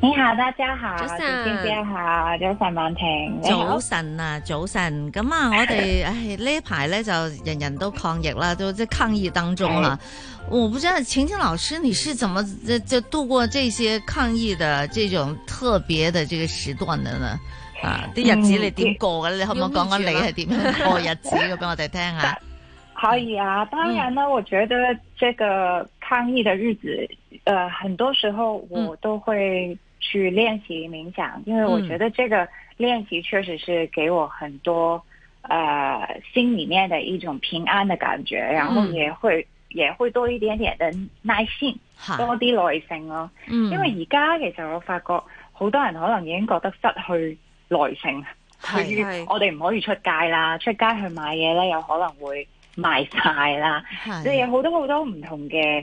你好，大家好，早晨上，早晨，萬婷，早晨啊！早晨，咁啊，我哋唉呢排咧就人人都抗疫啦，都即係抗疫當中啦。我、哎哦、不知道晴晴老師你是怎麼就就度過這些抗疫的這種特別的這個時段的呢？啊，啲日子你點過嘅咧？嗯、你可唔可以講講你係點樣過日子嘅？俾我哋聽下。可以啊，當然啦，嗯、我覺得這個。抗疫的日子，呃，很多時候我都會去練習冥想，嗯、因為我覺得這個練習確實是給我很多，呃，心裏面的一種平安的感覺，然後也會、嗯、也會多一點點的耐性，是多啲耐性咯、哦。嗯、因為而家其實我發覺好多人可能已經覺得失去耐性，係係是，我哋唔可以出街啦，出街去買嘢咧，有可能會賣晒啦，即係有好多好多唔同嘅。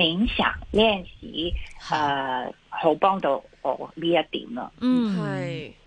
冥想呢件事，誒、呃、好幫到我呢一點咯。嗯，係。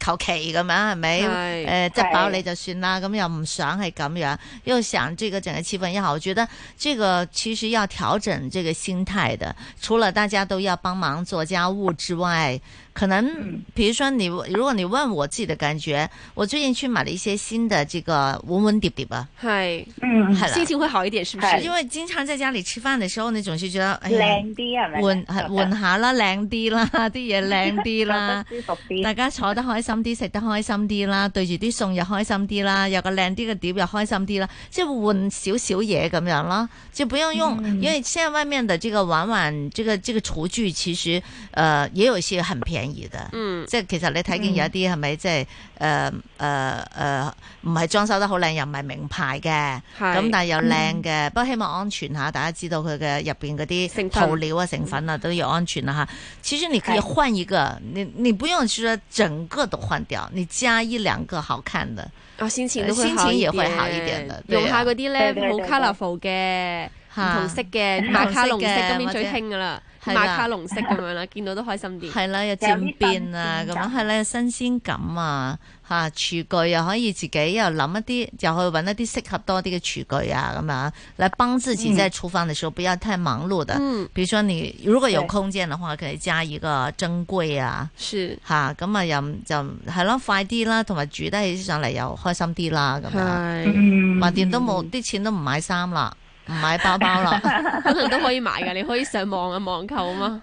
求其咁樣係咪？誒，執飽你就算啦，咁又唔想係咁樣。又想整個氣氛也好，我覺得這個其實要調整這個心態的。除了大家都要幫忙做家務之外。可能，比如說你、嗯、如果你問我自己的感覺，我最近去買了一些新的這個碗碗碟碟啊，係，嗯，係啦，心情會好一點，是不是？是因為經常在家裏吃飯的時候，你總是覺得，靚啲係咪？換換下啦，靚啲啦，啲嘢靚啲啦，大家坐得開心啲，食得開心啲啦，對住啲餸又開心啲啦，有個靚啲嘅碟又開心啲啦，即係換少少嘢咁樣咯，就不用用，嗯、因為現在外面的這個碗碗，這個這個廚具其實，誒、呃，也有一些很便宜。便宜嘅，嗯，即係其實你睇見有啲係咪即係誒誒誒，唔係裝修得好靚又唔係名牌嘅，咁但係又靚嘅，不過希望安全吓，大家知道佢嘅入邊嗰啲塗料啊成分、啊都要安全啦吓。其實你可以換一個噶，你你不用說整個都換掉，你加一兩個好看的，先前，心情也會好一點的。用下嗰啲咧好 colorful 嘅，唔同色嘅，馬卡龍色今年最興噶啦。啊、馬卡龍色咁樣啦， 見到都開心啲。係啦、啊，又漸變啊，咁樣係咧新鮮感啊，吓、啊、廚具又可以自己又諗一啲，就去搵一啲適合多啲嘅廚具啊，咁樣嚟幫自己在廚房的時候不要、嗯、太忙碌的。嗯，比如說你如果有空間嘅話，是可以加一個蒸櫃啊，是吓咁啊又就係咯、啊、快啲啦，同埋煮得起上嚟又開心啲啦，咁樣，買件是、嗯、都冇，啲錢都唔買衫啦。唔買包包了 可能都可以買噶，你可以上網啊，網購啊嘛。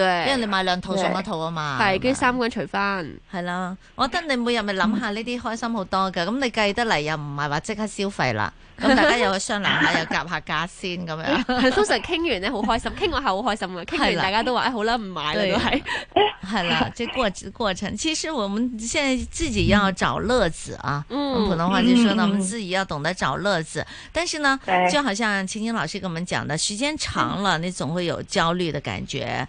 因為你買兩套送一套啊嘛，係跟住三個人除翻，係啦，我覺得你每日咪諗下呢啲開心好多㗎，咁你計得嚟又唔係話即刻消費啦，咁大家又去商量下，又夾下價先咁樣。通常傾完咧好開心，傾個下好開心嘅，傾完大家都話誒，好啦，唔買啦都係。係啦，即過過程，其實我們現在自己要找樂子啊，我普通話就說呢，我們自己要懂得找樂子，但是呢，就好像晴晴老師跟我們講的，時間長了，你總會有焦慮的感覺。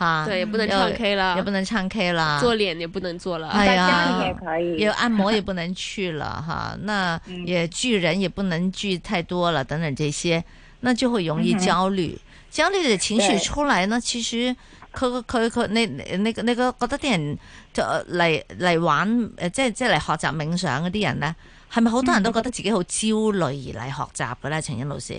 啊，哈對，也不能唱 K 了，也不能唱 K 了，做臉也不能做了，哎呀也可以，按摩也不能去了， 哈，那也聚人也不能聚太多了，等等這些，那就會容易焦慮，Okay. 焦慮的情緒出來呢，對其實可可可可，那那那個、那個、覺得啲人就嚟嚟玩誒，即係即係嚟學習冥想嗰啲人呢，係咪好多人都覺得自己好焦慮而嚟學習嘅咧， 映晴老師？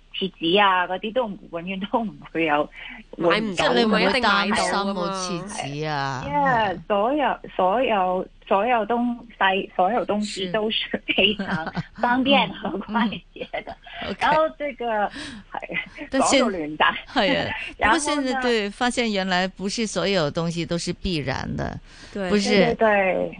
廁紙啊都，嗰啲都永遠都唔會有買唔到，唔好擔心冇廁紙啊 Yeah，所有所有所有東西，所有東西都是非常方便和快捷的。是 嗯嗯 okay. 然後這個係，所有連帶係。然後現在對發現原來不是所有東西都是必然的，對，不是對，對，對。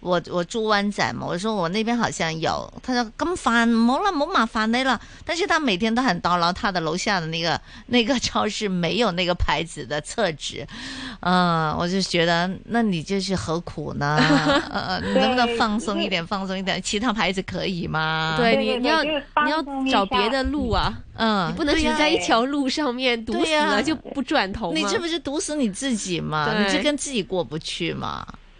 我我住灣仔嘛，我說我那邊好像有，他說，咁煩，冇啦冇麻煩你啦。但是他每天都很叨嘮他的樓下的那個那個超市沒有那個牌子的廁紙，嗯、呃，我就覺得那你這是何苦呢、呃？你能不能放鬆一點， 對放鬆一點？其他牌子可以嗎？對，你你要你要找別的路啊，嗯，啊、你不能只在一條路上面堵死了、啊、就不轉頭。你這不是堵死你自己嗎？對你就跟自己過不去嗎？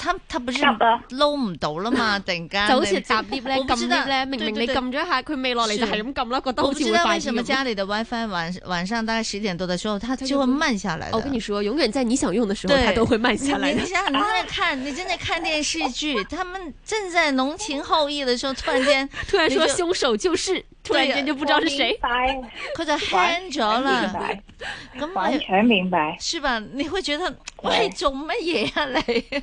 他他不是撈唔到啦嘛？突然間就好似搭 lift 咧，撳 l 明明你撳咗一下，佢未落嚟就係咁撳啦，覺得好似會快啲。為什麼家 e 的 WiFi 晚晚上大概十點多的時候，它就會慢下來。我跟你說，永遠在你想用的時候，對，它都會慢下來。你正在看，你正在看電視劇，他們正在濃情厚意的時候，突然間突然說兇手就是，突然間就不知道是誰，或就 h 咗 n g 着了，完全明白，是吧？你會覺得我係做乜嘢啊你？